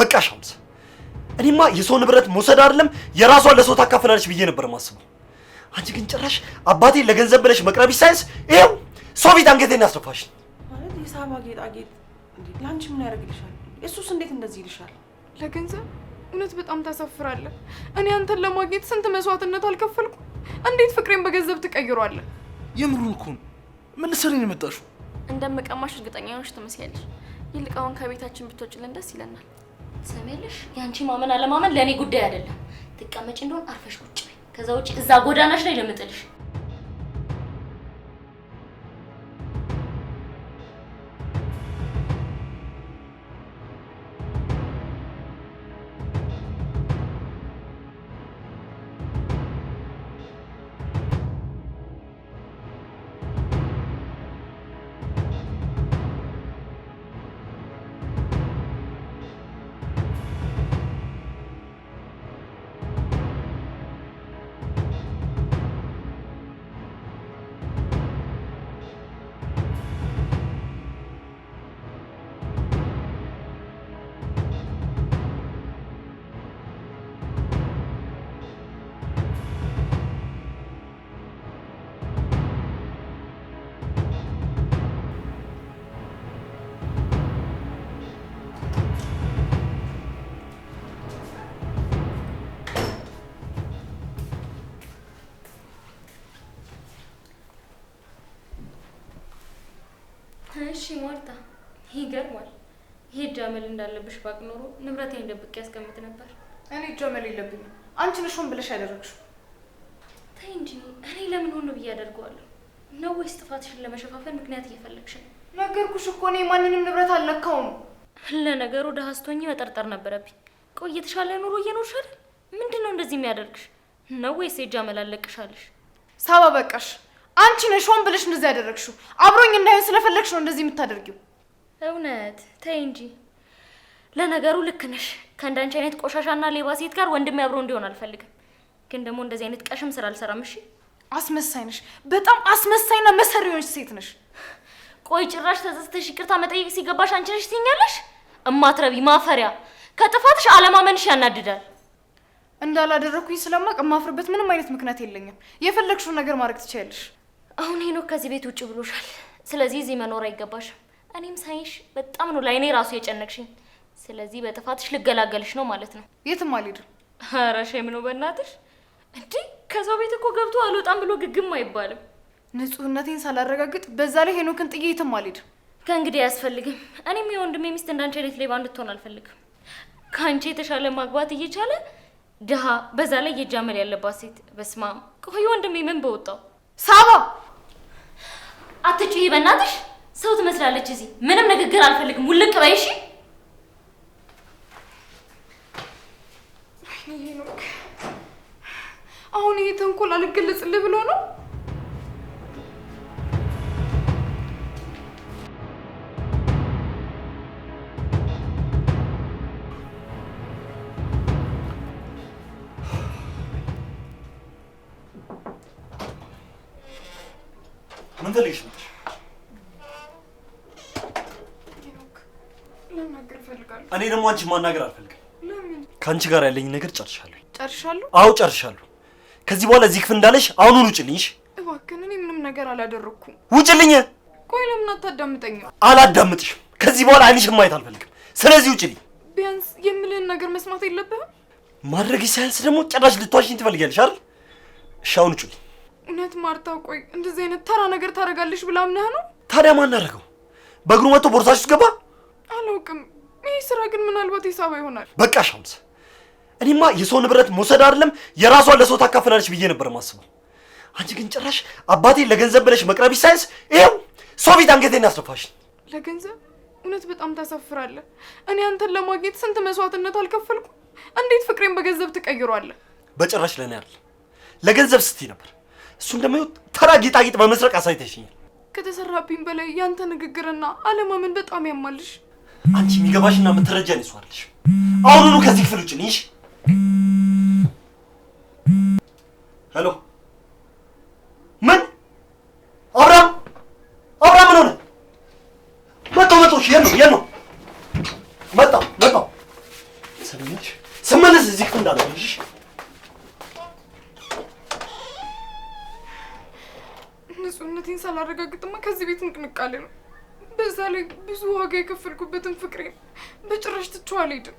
በቃ ሻምስ፣ እኔማ የሰው ንብረት መውሰድ አይደለም የራሷን ለሰው ታካፍላለች ብዬ ነበር ማስበው። አንቺ ግን ጭራሽ አባቴ ለገንዘብ ብለሽ መቅረብ ሳይንስ ይሄው ሰው ቤት አንገቴን ያስደፋሽ። ማለት የሳባ ጌጣጌጥ ለአንቺ ምን ያደርግልሻል? እሱስ እንዴት እንደዚህ ይልሻል? ለገንዘብ እውነት በጣም ታሳፍራለህ። እኔ አንተን ለማግኘት ስንት መስዋዕትነት አልከፈልኩ? እንዴት ፍቅሬን በገንዘብ ትቀይሯለህ? የምሩን እኮ ነው። ምን ልትሰሪ የመጣሹ? እንደምቀማሽ እርግጠኛ ሆነሽ ትመስያለሽ። ይልቅ አሁን ከቤታችን ብትወጪልን ደስ ይለናል። ሰሜልሽ ያንቺ ማመን አለማመን ለእኔ ጉዳይ አይደለም። ትቀመጭ እንደሆን አርፈሽ ቁጭ በይ። ከዛ ውጭ እዛ ጎዳናሽ ላይ ለምጥልሽ እሺ ማርታ፣ ይገርማል። ይሄ ጃመል እንዳለብሽ ባቅ ኖሮ ንብረቴን ደብቄ ያስቀምጥ ነበር። እኔ ጃመል የለብኝም። አንቺ ነሽ ሆን ብለሽ ያደረግሽው። ተይ እንጂ እኔ ለምን ሆኖ ብዬ አደርገዋለሁ ነው? ወይስ ጥፋትሽን ለመሸፋፈን ምክንያት እየፈለግሽ ነው? ነገርኩሽ እኮ እኔ ማንንም ንብረት አልነካውም። ለነገሩ ደሀስቶኝ መጠርጠር ነበረብኝ። ቆይ የተሻለ ኑሮ እየኖርሽ አይደል? ምንድን ነው እንደዚህ የሚያደርግሽ ነው? ወይስ የጃመል አለቅሻለሽ? ሳባ በቃሽ። አንቺ ነሽ ሆን ብለሽ እንደዚህ ያደረግሽው። አብሮኝ እንዳይሆን ስለፈለግሽ ነው እንደዚህ የምታደርጊው። እውነት ተይ እንጂ። ለነገሩ ልክ ነሽ። ከእንዳንቺ አይነት ቆሻሻና ሌባ ሴት ጋር ወንድሜ አብሮ እንዲሆን አልፈልግም። ግን ደግሞ እንደዚህ አይነት ቀሽም ስራ አልሰራም። እሺ አስመሳይ ነሽ። በጣም አስመሳይና መሰሪዎች ሴት ነሽ። ቆይ ጭራሽ ተጸጽተሽ ይቅርታ መጠየቅ ሲገባሽ አንቺ ነሽ ትይኛለሽ? እማትረቢ ማፈሪያ! ከጥፋትሽ አለማመንሽ ያናድዳል። እንዳላደረኩኝ ስለማቅ የማፍርበት ምንም አይነት ምክንያት የለኝም። የፈለግሽውን ነገር ማድረግ ትችያለሽ። አሁን ሄኖክ ከዚህ ቤት ውጭ ብሎሻል። ስለዚህ እዚህ መኖር አይገባሽም። እኔም ሳይሽ በጣም ነው ላይኔ ራሱ የጨነቅሽኝ። ስለዚህ በጥፋትሽ ልገላገልሽ ነው ማለት ነው። የትም አልሄድም። ኧረ ሸም ነው በእናትሽ። እንዲህ ከዛው ቤት እኮ ገብቶ አልወጣም ብሎ ግግም አይባልም። ንጹህነቴን ሳላረጋግጥ በዛ ላይ ሄኖክን ጥዬ የትም አልሄድም። ከእንግዲህ አያስፈልግም። እኔም የወንድሜ ሚስት እንዳንቺ ሌት ሌባ እንድትሆን አልፈልግም። ከአንቺ የተሻለ ማግባት እየቻለ ድሃ፣ በዛ ላይ እየጃመል ያለባት ሴት። በስማም ቆይ ወንድሜ ምን በወጣው ሳባ አትጩሂ በእናትሽ። ሰው ትመስላለች እዚህ። ምንም ንግግር አልፈልግም። ውልቅ በይ እሺ። አሁን ይሄ ተንኮል አልገለጽልህ ብሎ ነው አንቺ ማናገር አልፈልግም። ከአንቺ ጋር ያለኝ ነገር ጨርሻለሁ። ጨርሻለሁ? አዎ ጨርሻለሁ። ከዚህ በኋላ እዚህ ክፍል እንዳለሽ አሁኑን ውጭልኝ። እባክህን፣ እኔ ምንም ነገር አላደረኩም። ውጭልኝ። ቆይ ለምን አታዳምጠኝም? አላዳምጥሽም። ከዚህ በኋላ አይንሽን ማየት አልፈልግም። ስለዚህ ውጭልኝ። ቢያንስ የምልህን ነገር መስማት የለብህም። ማድረግ ሳያንስ ደግሞ ጭራሽ ልትዋሽኝ ትፈልጊያለሽ አይደል? እሺ አሁን ውጭልኝ። እውነት ማርታ፣ ቆይ እንደዚህ አይነት ተራ ነገር ታደርጋለሽ ብላ አምነህ ነው? ታዲያ ማን በእግሩ መጥቶ ቦርሳሽ ውስጥ ገባ። አላውቅም ይህ ስራ ግን ምናልባት ሂሳብ ይሆናል። በቃ ሻምስ፣ እኔማ የሰው ንብረት መውሰድ አይደለም የራሷን ለሰው ታካፍላለች ብዬ ነበር ማስበው። አንቺ ግን ጭራሽ አባቴ ለገንዘብ ብለሽ መቅረብ ሳይንስ ይኸው ሰው ቤት አንገቴን አስደፋሽ። ለገንዘብ እውነት በጣም ታሳፍራለህ። እኔ አንተን ለማግኘት ስንት መስዋዕትነት አልከፈልኩም። እንዴት ፍቅሬን በገንዘብ ትቀይሯለህ? በጭራሽ ለእኔ አይደል ለገንዘብ ስትይ ነበር። እሱም ደግሞ ተራ ጌጣጌጥ በመስረቅ አሳይተሽኛል። ከተሰራብኝ በላይ ያንተ ንግግርና አለማመን በጣም ያማልሽ። አንቺ የሚገባሽና የምትረጃን ይሷለሽ። አሁኑኑ ከዚህ ክፍል ውጭ ልይሽ። ሄሎ ምን አብርሃም፣ አብርሃም ምን ሆነ? መጣሁ መጣሁ። እሺ፣ የት ነው የት ነው? መጣሁ መጣሁ። ሰሚያሽ ስመለስ እዚህ ክፍል እንዳለሽ ንጹህነቴን ሳላረጋግጥማ ከዚህ ቤት ንቅንቃሌ ነው በዛ ላይ ብዙ ዋጋ የከፈልኩበትን ፍቅሬ በጭራሽ ትቼው አልሄድም።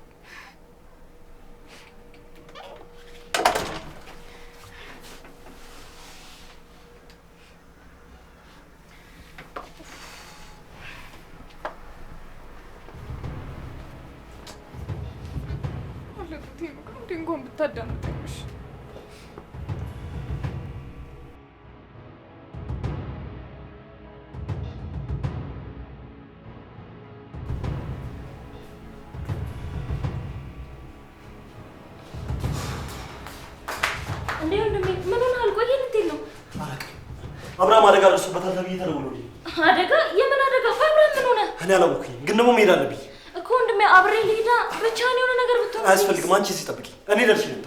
አብርሃም አደጋ ደርሶበታል ተብዬ ተደውሎልኝ። አደጋ? የምን አደጋ? አብርሃም ምን ሆነ? እኔ አላወኩኝ፣ ግን ደግሞ መሄድ አለብኝ እኮ ወንድሜ። አብሬ ልሂዳ? ብቻህን የሆነ ነገር ብትሆን አያስፈልግም። አንቺ እስኪ ጠብቂ፣ እኔ ደርሼ ልምጣ።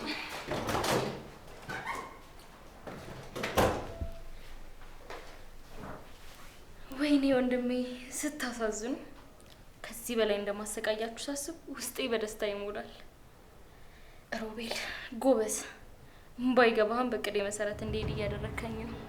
ወይኔ ወንድሜ ስታሳዝኑ። ከዚህ በላይ እንደማሰቃያችሁ ሳስብ ውስጤ በደስታ ይሞላል። ሮቤል ጎበዝ፣ ባይገባህም በቅዴ መሰረት እንድሄድ እያደረግከኝ ነው።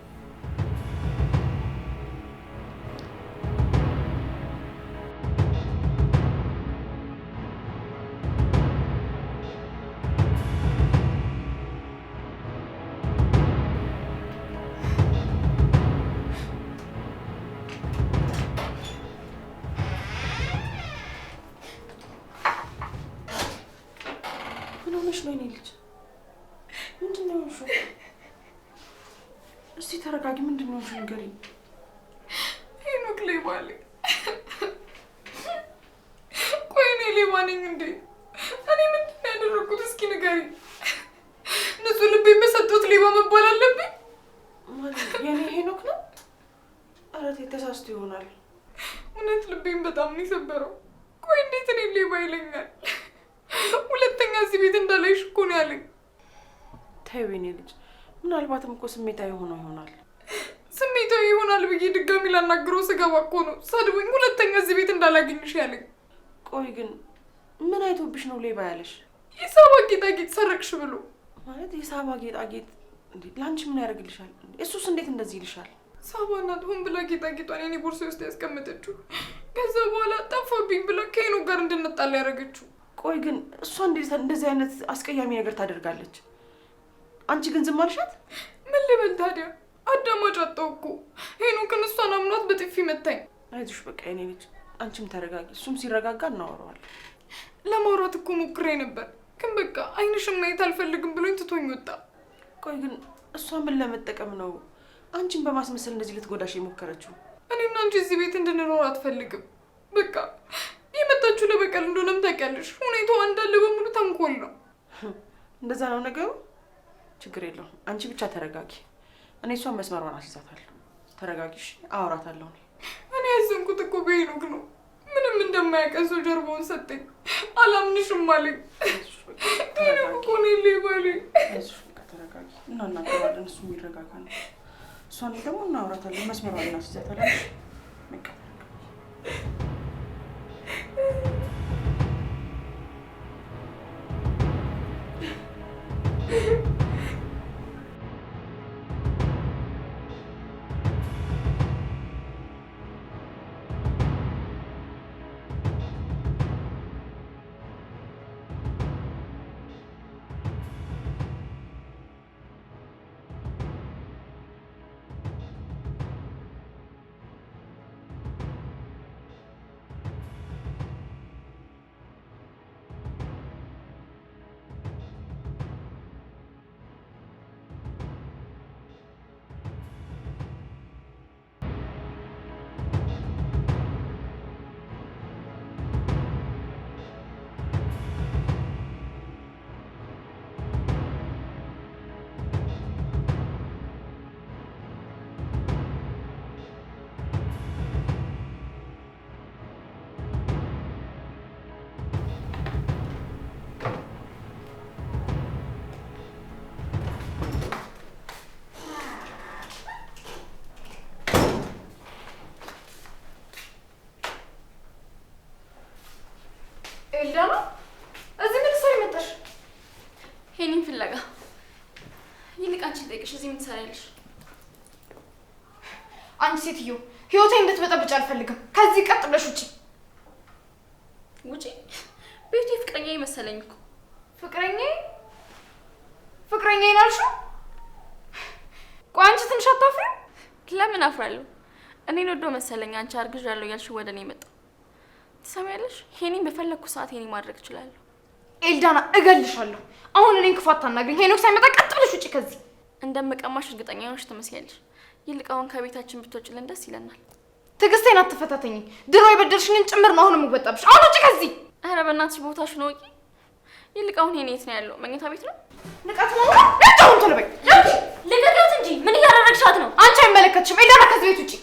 እንደሆንሽ ነገር ሄኖክ ሌባ አለኝ። ቆይ እኔ ሌባ ነኝ እንዴ? እኔ ምንድን ነው ያደረኩት? እስኪ ንገሪኝ። ንጹህ ልቤ በሰጠሁት ሌባ መባል አለብኝ? የኔ ሄኖክ ነው? እረት ተሳስቶ ይሆናል። እውነት ልቤም በጣም ነው የሰበረው። ቆይ እንዴት እኔ ሌባ ይለኛል? ሁለተኛ እዚህ ቤት እንዳላይሽ እኮ ነው ያለኝ። ተይ ወይኔ ልጅ፣ ምናልባትም እኮ ስሜታ የሆነው ይሆናል ብዬ ድጋሚ ላናግረው ስገባ እኮ ነው ሰድቦኝ ሁለተኛ እዚህ ቤት እንዳላገኝሽ ያለኝ። ቆይ ግን ምን አይቶብሽ ነው ሌባ ያለሽ? የሳባ ጌጣጌጥ ሰረቅሽ ብሎ ማለት የሳባ ጌጣጌጥ ለአንቺ ምን ያደርግልሻል? እሱስ እንዴት እንደዚህ ይልሻል? ሳባ ናት ሆን ብላ ጌጣጌጧን የኔ ቦርሳ ውስጥ ያስቀመጠችው። ከዛ በኋላ ጠፋብኝ ብላ ከይኖ ጋር እንድንጣላ ያደረገችው። ቆይ ግን እሷ እንደዚህ አይነት አስቀያሚ ነገር ታደርጋለች? አንቺ ግን ዝም አልሻት? ምን ልበል ታዲያ አዳማጭ አጣሁ እኮ ሄኖክን እሷን አምኗት በጥፊ መታኝ። አይዞሽ በቃ የኔ ልጅ አንቺም ተረጋጊ። እሱም ሲረጋጋ እናወራዋለን። ለማውራት እኮ ሞክሬ ነበር፣ ግን በቃ አይንሽን ማየት አልፈልግም ብሎኝ ትቶኝ ወጣ። ቆይ ግን እሷ ምን ለመጠቀም ነው አንቺን በማስመሰል እንደዚህ ልትጎዳሽ የሞከረችው? እኔና አንቺ እዚህ ቤት እንድንኖር አትፈልግም። በቃ የመጣችሁ ለበቀል እንደሆነም ታውቂያለሽ። ሁኔታው እንዳለ በሙሉ ተንኮል ነው። እንደዛ ነው ነገሩ። ችግር የለውም። አንቺ ብቻ ተረጋጊ። እኔ እሷን መስመሯን አስይዛታለሁ። ተረጋጊሽ፣ አወራታለሁ። እኔ ያዘንኩት እኮ በሄኖክ ነው። ምንም እንደማያውቀን ሰው ጀርባውን ሰጠኝ። አላምንሽም አለኝ። ሄኖክ እኮ ነው ሌባ ተረጋጊ እና እናገባለን። እሱ የሚረጋጋ ነው። እሷን ደግሞ እናወራታለን፣ መስመሯን እናስይዛታለን። ሄዳ እዚህ ምን ሰው የመጣሽ? ሄኒን ፍለጋ። ይልቅ አንቺ ልጠይቅሽ፣ እዚህ ምን ትሰሪያለሽ? አንቺ ሴትዮ ህይወቴ እንድትበጠብጭ አልፈልግም። ከዚህ ቀጥ ብለሽ ውጪ ውጪ። ቤቴ ፍቅረኛ መሰለኝ እኮ። ፍቅረኛ ፍቅረኛ ይናልሽው? ቆይ አንቺ ትንሽ አታፍሪ? ለምን አፍራለሁ? እኔን ወዶ መሰለኝ አንቺ አርግዣለሁ ያልሽ ወደ እኔ ትሰማያለሽ? ሄኔን በፈለግኩ ሰዓት ሄኔ ማድረግ እችላለሁ። ኤልዳና እገልሻለሁ። አሁን እኔን ክፉ አታናግሪኝ። ሄኖክ ሳይመጣ ቀጥ ብለሽ ውጪ ከዚህ። እንደምቀማሽ እርግጠኛ ሆነሽ ትመስያለሽ። ይልቅ አሁን ከቤታችን ብትወጪልን ደስ ይለናል። ትዕግስቴን አትፈታተኝ። ድሮ የበደልሽንን ጭምር ነው አሁን የምወጣብሽ። አሁን ውጪ ከዚህ። ኧረ በእናትሽ ቦታሽን እወቂ። ይልቅ አሁን ሄኔ የት ነው ያለው? መኝታ ቤት ነው። ንቀት ነው ለጫውን ቶሎ በይ ልቀቂያት እንጂ ምን እያደረግሻት ነው? አንቺ አይመለከትሽም። ኤልዳና ከዚህ ቤት ውጪ።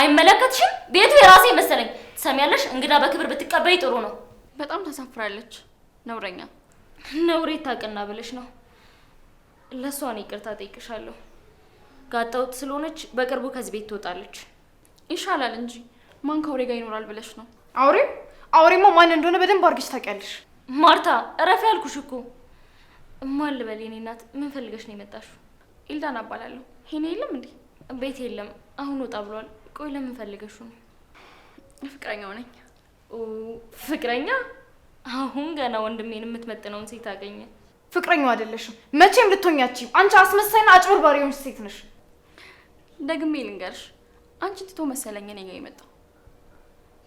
አይመለከትሽም? ቤቱ የራሴ መሰለኝ ትሰሚያለሽ? እንግዳ በክብር ብትቀበይ ጥሩ ነው። በጣም ተሳፍራለች። ነውረኛ ነውሬ ታቅና ብለሽ ነው። ለእሷ እኔ ይቅርታ ጠይቅሻለሁ። ጋጠውጥ ስለሆነች በቅርቡ ከዚህ ቤት ትወጣለች። ይሻላል እንጂ ማን ከአውሬ ጋር ይኖራል ብለሽ ነው? አውሬ አውሬማ ማን እንደሆነ በደንብ አድርገሽ ታውቂያለሽ። ማርታ እረፍ ያልኩሽ እኮ። ማን ልበል የኔ እናት? ምን ፈልገሽ ነው የመጣሽው? ኢልዳና እባላለሁ። ሄኔ የለም እንዴ? ቤት የለም አሁን ወጣ ብሏል። ቆይ ለምን ፈልገሽው ነው? ፍቅረኛው ነኝ። ፍቅረኛ? አሁን ገና ወንድሜን የምትመጥነውን ሴት አገኘ። ፍቅረኛው አይደለሽም፣ መቼም ልትሆኛችም። አንቺ አስመሳይና አጭበርባሪ የሆንሽ ሴት ነሽ። ደግሜ ልንገርሽ፣ አንቺ ትቶ መሰለኝ እኔ ጋር የመጣው።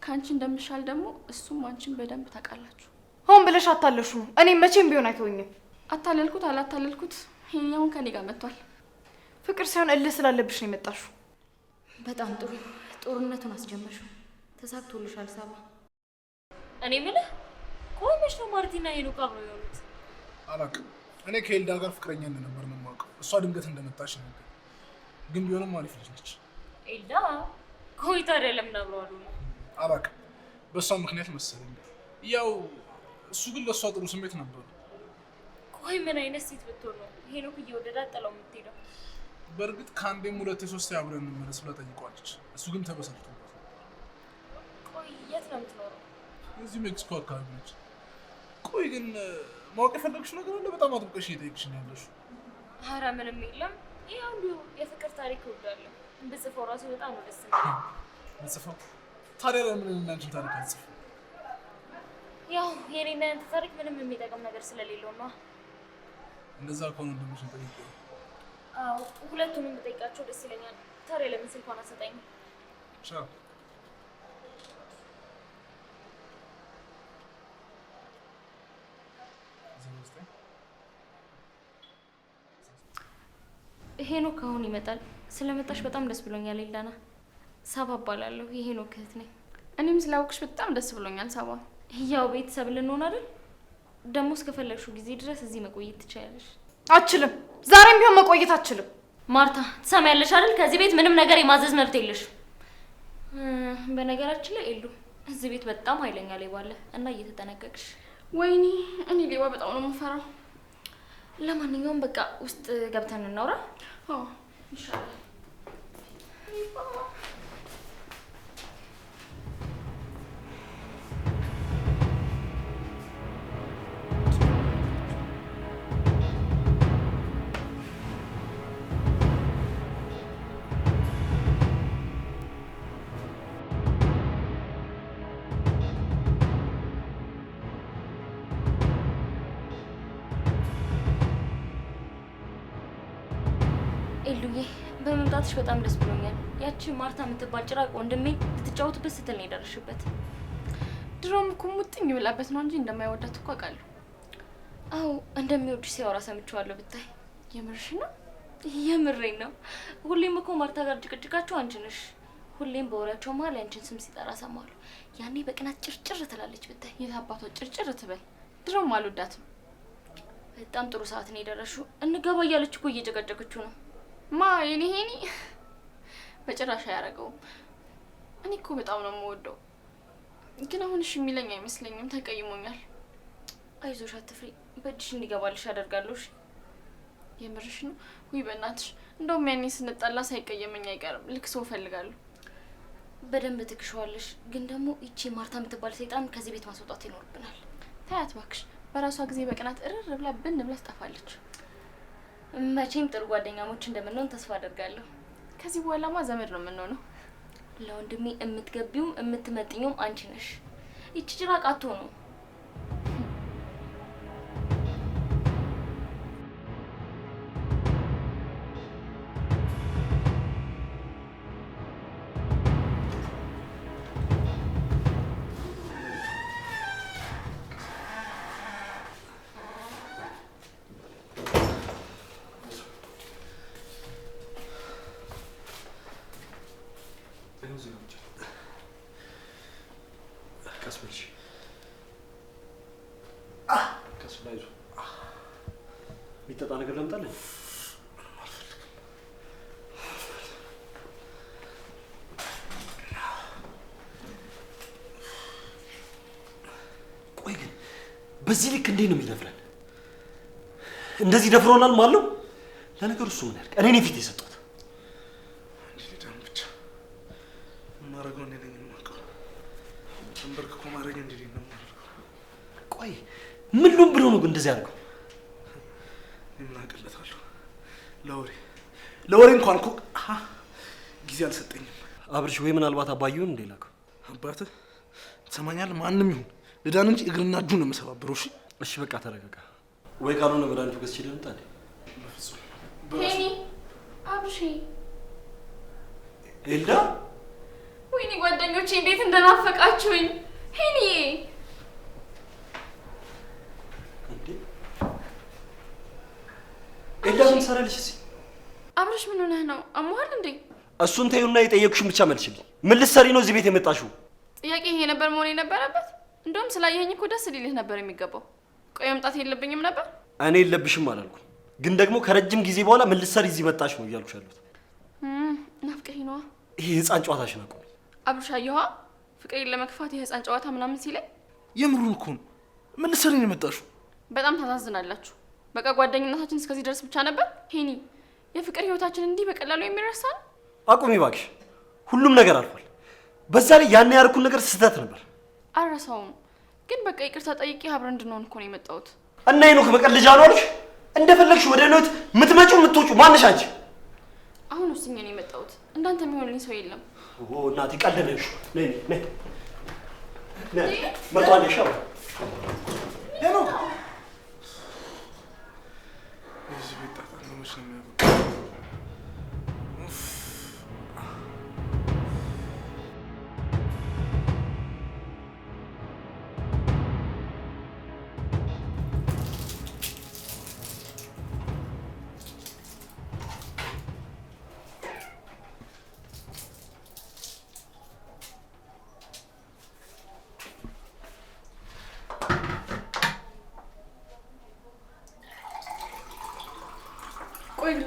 ከአንቺ እንደምሻል ደግሞ እሱም አንቺን በደንብ ታውቃላችሁ። ሆን ብለሽ አታለሹ። እኔ መቼም ቢሆን አይተወኝም። አታለልኩት አላታለልኩት፣ ይኸኛውን ከኔ ጋር መጥቷል። ፍቅር ሳይሆን እልህ ስላለብሽ ነው የመጣሽው። በጣም ጥሩ ጦርነቱን አስጀመርሽው። ተሳክቶልሻል ሳባ። እኔ የምልህ ቆይ መች ነው ማርቲና ሄኖክ አብረው የሆኑት? አላውቅም። እኔ ከኤልዳ ጋር ፍቅረኛ እንደነበር ነው የማውቀው። እሷ ድንገት እንደመጣች ነው ግን ቢሆንም አሪፍ ልጅ ነች። ኤልዳ ቆይታ አይደለም ናብረዋሉ ነው አላውቅም። በእሷ ምክንያት መሰለኝ። ያው እሱ ግን ለእሷ ጥሩ ስሜት ነበሩ። ቆይ ምን አይነት ሴት ብትሆን ነው ሄኖክ እየወደዳት ጥለው የምትሄደው? በእርግጥ ከአንዴም ሁለቴ ሶስቴ አብረን እንመለስ ብላ ጠይቀዋለች። እሱ ግን ተበሳጭቶ የት ነው የምትኖረው? እዚህ ሜክሲኮ አካባቢ ነች። ቆይ ግን ማወቅ የፈለግሽ ነገር አለ? በጣም አጥብቀሽ እየጠየቅሽ ነው ያለሽ። ኧረ ምንም የለም። ይህ አንዱ የፍቅር ታሪክ እወዳለሁ። ብጽፈው ራሱ በጣም ነው ደስ የሚለው። ብጽፈው ታዲያ ለምን እናንችን ታሪክ አንጽፍ? ያው የኔና ያንተ ታሪክ ምንም የሚጠቅም ነገር ስለሌለው ነው። እንደዛ ከሆነ ወንድምሽን ጠይቅ። ሁለቱንም ብጠይቃቸው ደስ ይለኛል። ታዲያ ለምን ስልኳን አሰጠኝ? ሄኖክ አሁን ይመጣል። ስለመጣሽ በጣም ደስ ብሎኛል ይላና ሳባ እባላለሁ የሄኖክ እህት ነኝ። እኔም ስላወቅሽ በጣም ደስ ብሎኛል ሳባ። ያው ቤተሰብ ልንሆን አይደል? ደግሞ እስከፈለግሽው ጊዜ ድረስ እዚህ መቆየት ትችላለሽ። አችልም፣ ዛሬም ቢሆን መቆየት አችልም። ማርታ ትሰሚያለሽ አይደል? ከዚህ ቤት ምንም ነገር የማዘዝ መብት የለሽ በነገራችን ላይ የሉ እዚህ ቤት በጣም ኃይለኛ ሌባ አለ እና እየተጠነቀቅሽ። ወይኔ እኔ ሌባ በጣም ነው የምፈራው። ለማንኛውም በቃ ውስጥ ገብተን እናውራ ይሻላል። ሄሉዬ በመምጣትሽ በጣም ደስ ብሎኛል። ያቺ ማርታ የምትባል ጭራቅ ወንድሜ ልትጫወትበት ስትል ነው የደረሽበት። ድሮም እኮ ሙጥኝ ብላበት ነው እንጂ እንደማይወዳት እኮ አውቃለሁ። አዎ እንደሚወድሽ ሲያወራ ሰምቼዋለሁ። ብታይ የምርሽ ነው? የምሬኝ ነው። ሁሌም እኮ ማርታ ጋር ጭቅጭቃቸው አንቺ ነሽ። ሁሌም በወሬያቸው መሀል ያንቺን ስም ሲጠራ ሰማሉ ያኔ በቅናት ጭርጭር ትላለች። ብታይ የታባቷ ጭርጭር ትበል። ድሮም አልወዳትም። በጣም ጥሩ ሰዓት ነው የደረሽው። እንገባ እያለች እኮ እየጨቀጨቀችው ነው ማ የኔ ሄኒ በጭራሽ አያደርገውም። እኔ እኮ በጣም ነው የምወደው፣ ግን አሁን እሺ የሚለኝ አይመስለኝም። ተቀይሞኛል። አይዞሽ፣ አትፍሪ። በእጅሽ እንዲገባልሽ አደርጋለሽ። የምርሽ ነው? ውይ በእናትሽ፣ እንደውም ያኔ ስንጣላ ሳይቀየመኝ አይቀርም። ልክ ሰው እፈልጋለሁ። በደንብ ትክሸዋለሽ፣ ግን ደግሞ ይቺ ማርታ የምትባል ሰይጣን ከዚህ ቤት ማስወጣት ይኖርብናል። ታያት ባክሽ፣ በራሷ ጊዜ በቅናት እርር ብላ ብን ብላ ትጠፋለች። መቼም ጥሩ ጓደኛሞች እንደምንሆን ተስፋ አደርጋለሁ። ከዚህ በኋላማ ዘመድ ነው የምንሆነው። ለወንድሜ የምትገቢውም የምትመጥኘውም አንቺ ነሽ። ይቺ ጭራቅ አትሆኑም። እንዳይዙ የሚጠጣ ነገር ለምጣለን። ቆይ ግን በዚህ ልክ እንዴት ነው የሚደፍረን? እንደዚህ ደፍሮናል ማለት ነው። ለነገሩ እሱ ምን ያድርግ፣ እኔ ፊት የሰጠ እንደዚህ አድርገው። ምን አቀለታለሁ? ለወሬ ለወሬ እንኳን እኮ ጊዜ አልሰጠኝም። አብርሽ ወይ ምናልባት አባዬውን እንደ ላከው አባትህ ትሰማኛለህ? ማንም ይሁን ልዳን እንጂ እግርና እጁ ነው የምሰባብረው። እሺ እሺ፣ በቃ ተረጋጋ። ወይ ካልሆነ መድኃኒቱ ገዝቼ ልምጣ። አብሽ ኤልዳ፣ ወይኔ ጓደኞቼ እንዴት እንደናፈቃችሁኝ ሄኒዬ ኤላ ምን ሰራልሽ? እዚህ አብረሽ ምን ሆነህ ነው? አሞሃል እንዴ? እሱን ተይውና የጠየቅሽውን ብቻ መልሽልኝ። ምን ልትሰሪ ነው እዚህ ቤት የመጣሽው? ጥያቄ ይሄ ነበር መሆን የነበረበት። እንደውም ስላየኸኝ እኮ ደስ ሊልህ ነበር የሚገባው። ቆይ መምጣት የለብኝም ነበር? እኔ የለብሽም አላልኩም፣ ግን ደግሞ ከረጅም ጊዜ በኋላ ምን ልትሰሪ እዚህ መጣሽ ነው እያልኩሽ ያሉት። ናፍቀኝ ነዋ። ይሄ ህፃን ጨዋታሽን አቁሚ አብርሽ። አየኋ ፍቅሬን ለመግፋት የህፃን ጨዋታ ምናምን ሲለኝ የምሩን እኮ ነው። ምን ልትሰሪ ነው የመጣሽው? በጣም ታሳዝናላችሁ። በቃ ጓደኝነታችን እስከዚህ ድረስ ብቻ ነበር። ሄኒ የፍቅር ህይወታችን እንዲህ በቀላሉ የሚረሳ ነው? አቁሚ እባክሽ፣ ሁሉም ነገር አልፏል። በዛ ላይ ያን ያርኩን ነገር ስህተት ነበር። አረሰውም ግን በቃ ይቅርታ ጠይቄ አብረን እንድንሆን እኮ ነው የመጣሁት። እና ሄኖክ በቀል ልጅ አልዋልሽ፣ እንደፈለግሽ ወደ ህይወት ምትመጩ ምትወጩ ማንሽ አንቺ? አሁን ወስኜ ነው የመጣሁት። እንዳንተ የሚሆንልኝ ሰው የለም። እናት ቀለለሽ። ነይ ሄኖክ konuşulmuyor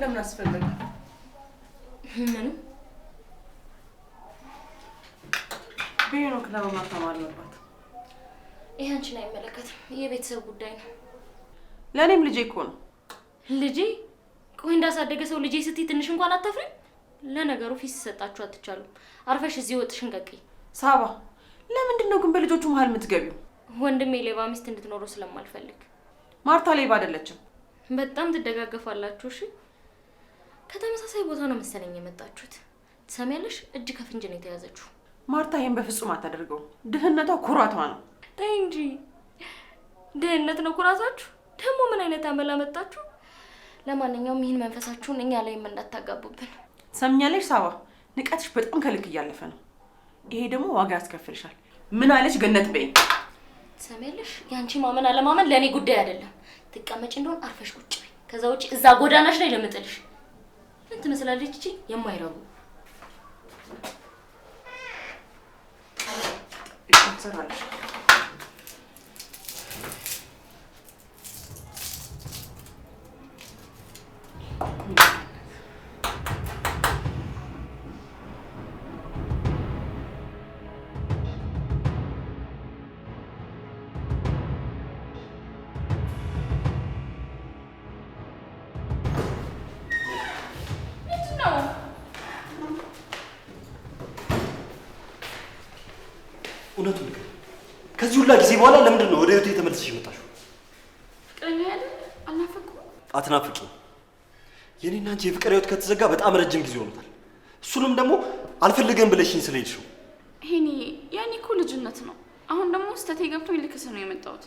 ለምን አስፈለገ? ምን ቢሆን ክለብ ማተም አለባት። ይሄ አንቺን አይመለከትም። የቤተሰብ ጉዳይ ነው። ለእኔም ልጄ እኮ ነው። ልጄ ቆይ እንዳሳደገ ሰው ልጄ ስትይ ትንሽ እንኳን አታፍሪም? ለነገሩ ፊት ሲሰጣችሁ አትቻሉም። አርፈሽ እዚህ ወጥሽን ቀቂ። ሳባ ለምንድን ነው ግን በልጆቹ መሀል የምትገቢው? ወንድሜ ሌባ ሚስት እንድትኖረው ስለማልፈልግ። ማርታ ሌባ አይደለችም። በጣም ትደጋገፋላችሁ። እሺ ከተመሳሳይ ቦታ ነው መሰለኝ የመጣችሁት። ትሰሚያለሽ? እጅ ከፍንጅ ነው የተያዘችው። ማርታ ይህን በፍጹም አታደርገው። ድህነቷ ኩራቷ ነው። ተይ እንጂ ድህነት ነው ኩራታችሁ። ደግሞ ምን አይነት አመላ መጣችሁ? ለማንኛውም ይህን መንፈሳችሁን እኛ ላይም እንዳታጋቡብን። ሰምኛለሽ ሳባ ንቀትሽ በጣም ከልክ እያለፈ ነው። ይሄ ደግሞ ዋጋ ያስከፍልሻል። ምን አለች ገነት በይ። ትሰሚያለሽ? የአንቺ ማመን አለማመን ለእኔ ጉዳይ አይደለም። ትቀመጭ እንደሆን አርፈሽ ቁጭ በይ። ከዛ ውጭ እዛ ጎዳናሽ ላይ ለምጥልሽ። ምን ትመስላለች እቺ የማይረቡ ትሰራለች። እውነቱ ልክ ከዚህ ሁላ ጊዜ በኋላ ለምንድን ነው ወደ ህይወቴ ተመልሰሽ የመጣሽው? ፍቅረኛ ያለ አትናፍቂ። የኔና አንቺ የፍቅር ህይወት ከተዘጋ በጣም ረጅም ጊዜ ሆኖታል። እሱንም ደግሞ አልፈልገን ብለሽኝ ስለሄድሽው ይሄኔ ያኔ እኮ ልጅነት ነው። አሁን ደግሞ ስተቴ ገብቶ ልክስ ነው የመጣሁት።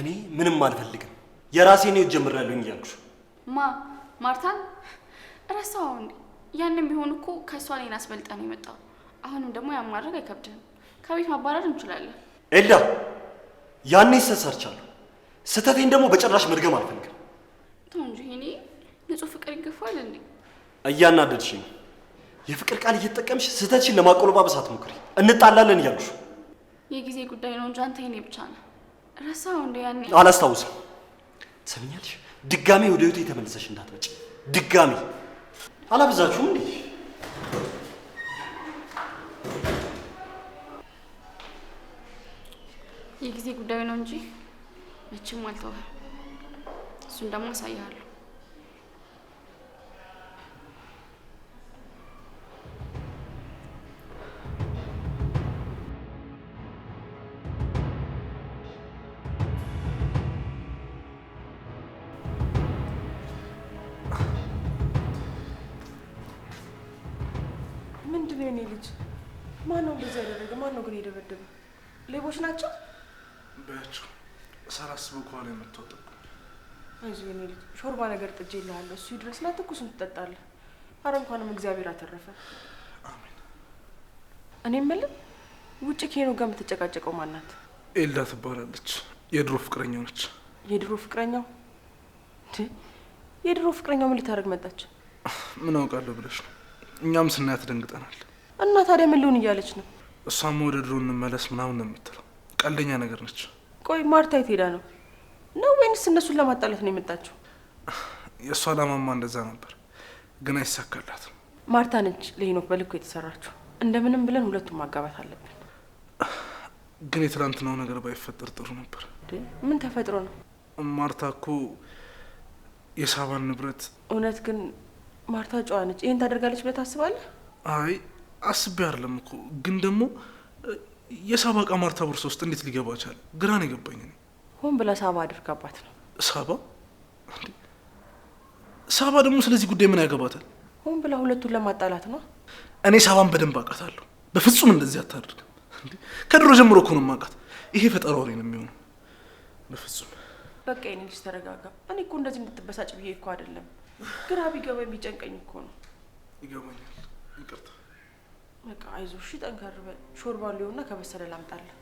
እኔ ምንም አልፈልግም የራሴን ህይወት ጀምሬያለሁኝ እያልኩሽ ማ ማርታን እረሳው እንዴ? ያንም ቢሆን እኮ ከእሷ እኔን አስበልጠ ነው የመጣው። አሁንም ደግሞ ያን ማድረግ አይከብድህም። ከቤት ማባረር እንችላለን። ኤልዳ ያኔ ይሰሳርቻለሁ። ስህተቴን ደግሞ በጭራሽ መድገም አልፈልግም። ተው እንጂ እኔ ንጹህ ፍቅር ይገፋል እንዴ? ነው። የፍቅር ቃል እየተጠቀምሽ ስህተትሽን ለማቆለባበስ አትሞክሪ። እንጣላለን እያሉሽ የጊዜ ጉዳይ ነው እንጂ አንተ ይኔ ብቻ ነው ረሳው እንደ ያኔ አላስታውስም። ትሰምኛለሽ? ድጋሜ ወደ ህይወቴ የተመለሰሽ እንዳትመጪ ድጋሜ። አላብዛችሁም እንዴ? የጊዜ ጉዳይ ነው እንጂ መቼም አልተወ። እሱን ደግሞ አሳያለሁ። ሾርባ ነገር ጥጄ እልሃለሁ። እሱ ላ ትኩሱን ትጠጣለህ። አረ እንኳንም እግዚአብሔር አተረፈ። አሜን። እኔ የምልህ ውጭ ከሄኖ ጋር የምትጨቃጨቀው ማናት? ኤልዳ ትባላለች። የድሮ ፍቅረኛው ነች። የድሮ ፍቅረኛው? የድሮ ፍቅረኛው ምን ልታደርግ መጣች? ምን አውቃለሁ ብለሽ ነው። እኛም ስናያት ደንግጠናል። እና ታዲያ ምን ልሆን እያለች ነው? እሷም ወደ ድሮ እንመለስ ምናምን ነው የምትለው። ቀልደኛ ነገር ነች። ቆይ ማርታ የት ሄዳ ነው ነው ወይንስ እነሱን ለማጣላት ነው የመጣችው? የእሷ አላማማ እንደዛ ነበር፣ ግን አይሳካላት። ማርታ ነች ለሄኖክ በልኩ የተሰራችው። እንደምንም ብለን ሁለቱም ማጋባት አለብን። ግን የትላንትናው ነገር ባይፈጠር ጥሩ ነበር። ምን ተፈጥሮ ነው? ማርታ እኮ የሳባን ንብረት። እውነት ግን ማርታ ጨዋ ነች። ይህን ታደርጋለች ብለህ ታስባለህ? አይ አስቤ አይደለም እኮ ግን ደግሞ የሳባ እቃ ማርታ ቦርሳ ውስጥ እንዴት ሊገባ ቻለ? ግራ ነው የገባኝ። ሆን ብላ ሳባ አድርጋባት ነው። ሳባ ሳባ ደግሞ ስለዚህ ጉዳይ ምን ያገባታል? ሆን ብላ ሁለቱን ለማጣላት ነው። እኔ ሳባን በደንብ አውቃታለሁ። በፍጹም እንደዚህ አታደርግም። ከድሮ ጀምሮ እኮ ነው የማውቃት። ይሄ ፈጠራ ወሬ ነው የሚሆነው። በፍጹም በቃ የኔ ልጅ ተረጋጋ። እኔ እኮ እንደዚህ እንድትበሳጭ ብዬ እኮ አይደለም፣ ግራ ቢገባ የሚጨንቀኝ እኮ ነው። ይገባኛል። ይቅርታ። በቃ አይዞሽ፣ ጠንከር በል። ሾርባ ሊሆንና ከበሰለ ላምጣለሁ።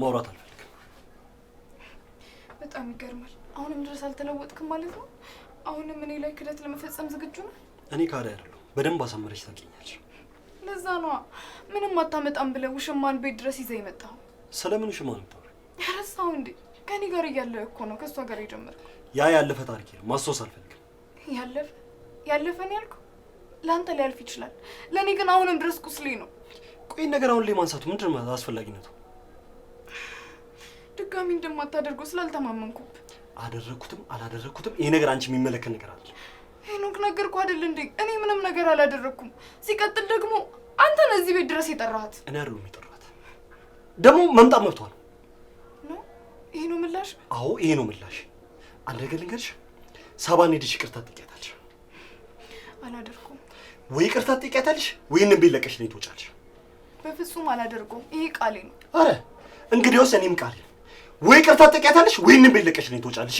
ማውራት አልፈልግም። በጣም ይገርማል። አሁንም ድረስ አልተለወጥክም ማለት ነው። አሁንም እኔ ላይ ክደት ለመፈጸም ዝግጁ ነው። እኔ ካዳ አይደለሁ። በደንብ አሳመረች ታውቂኛለሽ። ለዛ ነዋ ምንም አታመጣም ብለህ ውሽማን ቤት ድረስ ይዘህ የመጣኸው። ስለምን ውሽማ ነበር ያረሳው እንዴ? ከኔ ጋር እያለ እኮ ነው ከእሷ ጋር የጀመርኩ። ያ ያለፈ ታሪኬ ነው። ማስታወስ አልፈልግም። ያለፈ ያለፈን ያልከው ለአንተ ሊያልፍ ይችላል፣ ለእኔ ግን አሁንም ድረስ ቁስሌ ነው። ቆይ ነገር አሁን ላይ ማንሳቱ ምንድን አስፈላጊነቱ? ድጋሚ እንደማታደርገው ስላልተማመንኩብ አደረግኩትም አላደረግኩትም ይሄ ነገር አንቺ የሚመለከት ነገር አለ ሄኖክ ነገርኩ አይደል እንዴ እኔ ምንም ነገር አላደረግኩም ሲቀጥል ደግሞ አንተ እዚህ ቤት ድረስ የጠራሃት እኔ አይደለሁም የጠራሃት ደግሞ መምጣት መብቷል ነው ይሄ ነው ምላሽ አዎ ይሄ ነው ምላሽ አንድ ነገር ልንገርሽ ሳባን ሄደሽ ይቅርታ ትጠይቂያታለሽ አላደርኩም ወይ ይቅርታ ትጠይቂያታለሽ ወይ እንም ቤት ነው ትወጫለሽ በፍጹም አላደርገውም ይሄ ቃሌ ነው አረ እንግዲህ ወስ እኔም ቃሌ ወይ ቅርታ ትጠቂያታለሽ፣ ወይ እንብልቀሽ ነው ትወጫለሽ።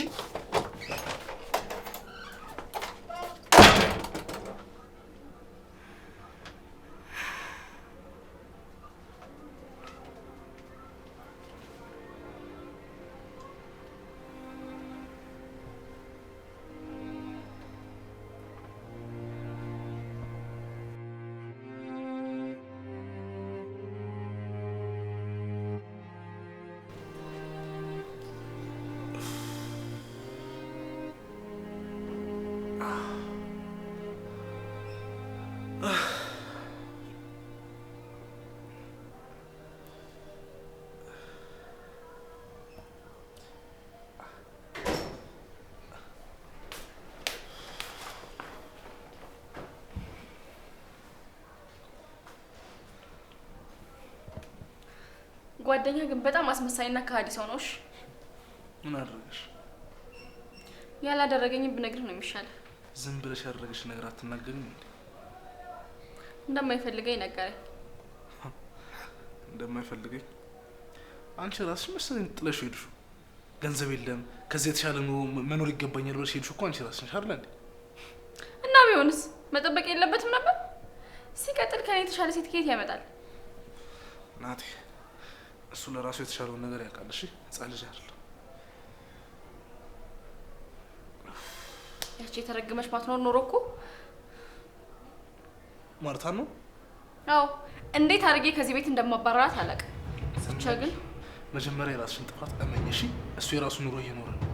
ጓደኛ ግን በጣም አስመሳይና ከሀዲ ሰው ነውሽ። ምን አደረገሽ? ያላደረገኝም ብነግርህ ነው የሚሻለው። ዝም ብለሽ ያደረገሽ ነገር አትናገሪም እንዴ? እንደማይፈልገኝ ነገረኝ። እንደማይፈልገኝ አንቺ ራስሽ መሰለኝ ጥለሽ ሄድሽ። ገንዘብ የለም ከዚህ የተሻለ ኑሮ መኖር ይገባኛል ብለሽ ሄድሽ እኮ አንቺ ራስሽ አይደል እንዴ? እና ቢሆንስ መጠበቅ የለበትም ነበር? ሲቀጥል ከኔ የተሻለ ሴት ከየት ያመጣል? ናቴ እሱ ለራሱ የተሻለውን ነገር ያውቃል። እሺ ህፃን ልጅ አይደለም። ያቺ የተረገመች ባትኖር ኖሮ እኮ ማርታን ነው። አዎ እንዴት አድርጌ ከዚህ ቤት እንደማባረራት አላውቅም። ብቻ ግን መጀመሪያ የራስሽን ጥፋት እመኝ እሺ። እሱ የራሱ ኑሮ እየኖረ ነው።